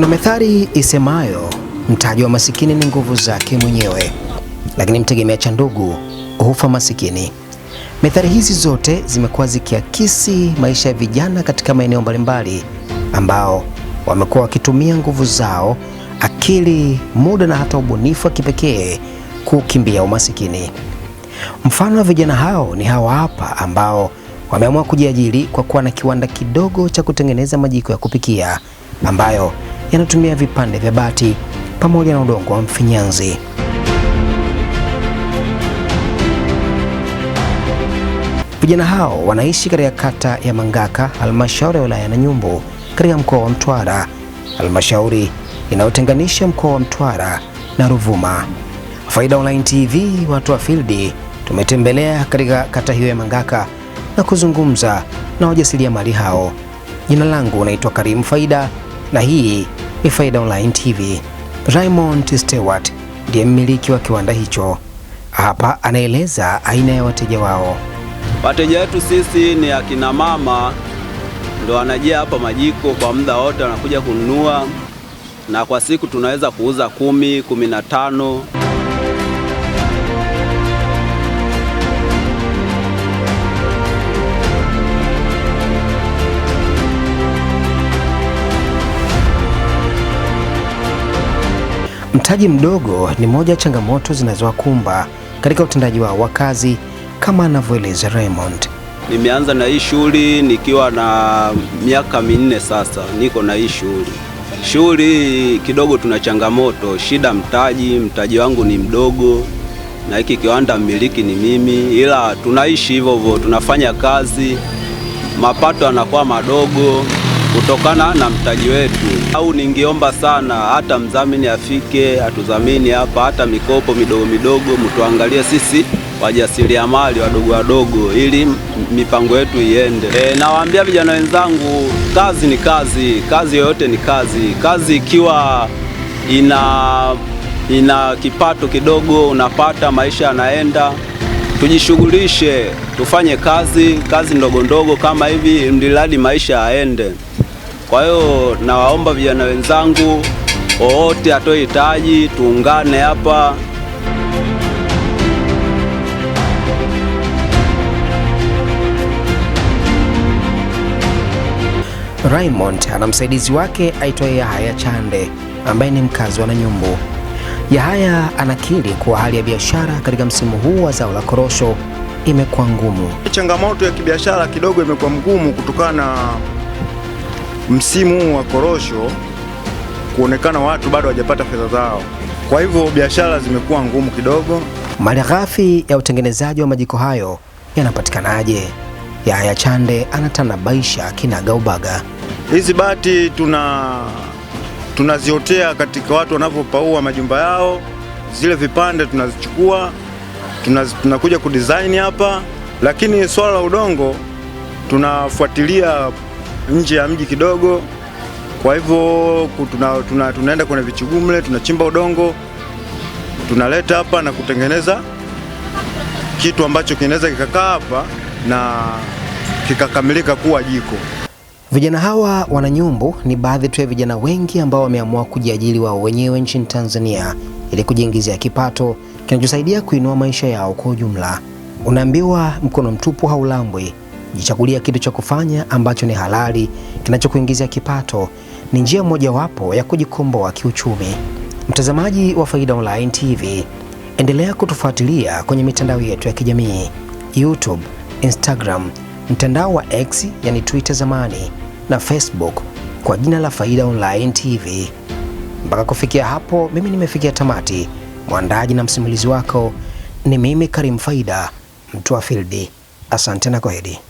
Kuna methali isemayo mtaji wa masikini ni nguvu zake mwenyewe, lakini mtegemea cha ndugu hufa masikini. Methali hizi zote zimekuwa zikiakisi maisha ya vijana katika maeneo mbalimbali ambao wamekuwa wakitumia nguvu zao, akili, muda na hata ubunifu wa kipekee kukimbia umasikini. Mfano wa vijana hao ni hawa hapa ambao wameamua kujiajiri kwa kuwa na kiwanda kidogo cha kutengeneza majiko ya kupikia ambayo yanatumia vipande vya bati pamoja na udongo wa mfinyanzi. Vijana hao wanaishi katika kata ya Mangaka, halmashauri ya wilaya ya Nanyumbu katika mkoa wa Mtwara, halmashauri inayotenganisha mkoa wa Mtwara na Ruvuma. Faida Online TV watu wa fildi tumetembelea katika kata hiyo ya Mangaka na kuzungumza na wajasiriamali hao. Jina langu naitwa Karimu Faida na hii Faida Online TV. Raymond Stewart ndiye mmiliki wa kiwanda hicho. Hapa anaeleza aina ya wateja wao. Wateja wetu sisi ni akina mama, ndo wanajia hapa majiko kwa muda wote, wanakuja kununua, na kwa siku tunaweza kuuza kumi, kumi na tano. Mtaji mdogo ni moja ya changamoto zinazowakumba katika utendaji wao wa kazi kama anavyoeleza Raymond. Nimeanza na hii shughuli nikiwa na miaka minne sasa, niko na hii shughuli. Shughuli kidogo tuna changamoto, shida mtaji, mtaji wangu ni mdogo na hiki kiwanda mmiliki ni mimi, ila tunaishi hivyo hivyo, tunafanya kazi, mapato yanakuwa madogo kutokana na mtaji wetu, au ningeomba sana hata mdhamini afike atudhamini hapa, hata mikopo midogo midogo, mtuangalie sisi wajasiriamali wadogo wadogo, ili mipango yetu iende. E, nawaambia vijana wenzangu, kazi ni kazi, kazi yoyote ni kazi. Kazi ikiwa ina ina kipato kidogo, unapata maisha yanaenda. Tujishughulishe, tufanye kazi, kazi ndogo ndogo kama hivi, mradi maisha yaende. Kwa hiyo nawaomba vijana wenzangu wowote atoe hitaji, tuungane hapa. Raymond ana msaidizi wake aitwaye Yahaya Chande ambaye ni mkazi wa Nanyumbu. Yahaya anakiri kuwa hali ya biashara katika msimu huu wa zao la korosho imekuwa ngumu. Changamoto ya kibiashara kidogo imekuwa mgumu kutokana na msimu wa korosho kuonekana watu bado hawajapata fedha zao, kwa hivyo biashara zimekuwa ngumu kidogo. Malighafi ya utengenezaji wa majiko hayo yanapatikanaje? Yahya Chande anatanabaisha kinagaubaga. Hizi bati tuna tunaziotea katika watu wanavyopaua majumba yao, zile vipande tunazichukua tunakuja tuna kudizaini hapa, lakini swala la udongo tunafuatilia nje ya mji kidogo, kwa hivyo tuna, tuna, tunaenda kwenye vichugumle tunachimba udongo tunaleta hapa na kutengeneza kitu ambacho kinaweza kikakaa hapa na kikakamilika kuwa jiko. Vijana hawa Wananyumbu ni baadhi tu ya vijana wengi ambao wameamua kujiajiri wao wenyewe nchini Tanzania ili kujiingizia kipato kinachosaidia kuinua maisha yao kwa ujumla. Unaambiwa mkono mtupu haulambwi. Jichagulia kitu cha kufanya ambacho ni halali kinachokuingizia kipato. Ni njia mojawapo ya kujikomboa kiuchumi. Mtazamaji wa Faida Online TV, endelea kutufuatilia kwenye mitandao yetu ya kijamii YouTube, Instagram, mtandao wa X yani Twitter zamani, na Facebook kwa jina la Faida Online TV. Mpaka kufikia hapo, mimi nimefikia tamati. Mwandaji na msimulizi wako ni mimi Karim Faida, mtu wa Fildi. Asante na kwaheri.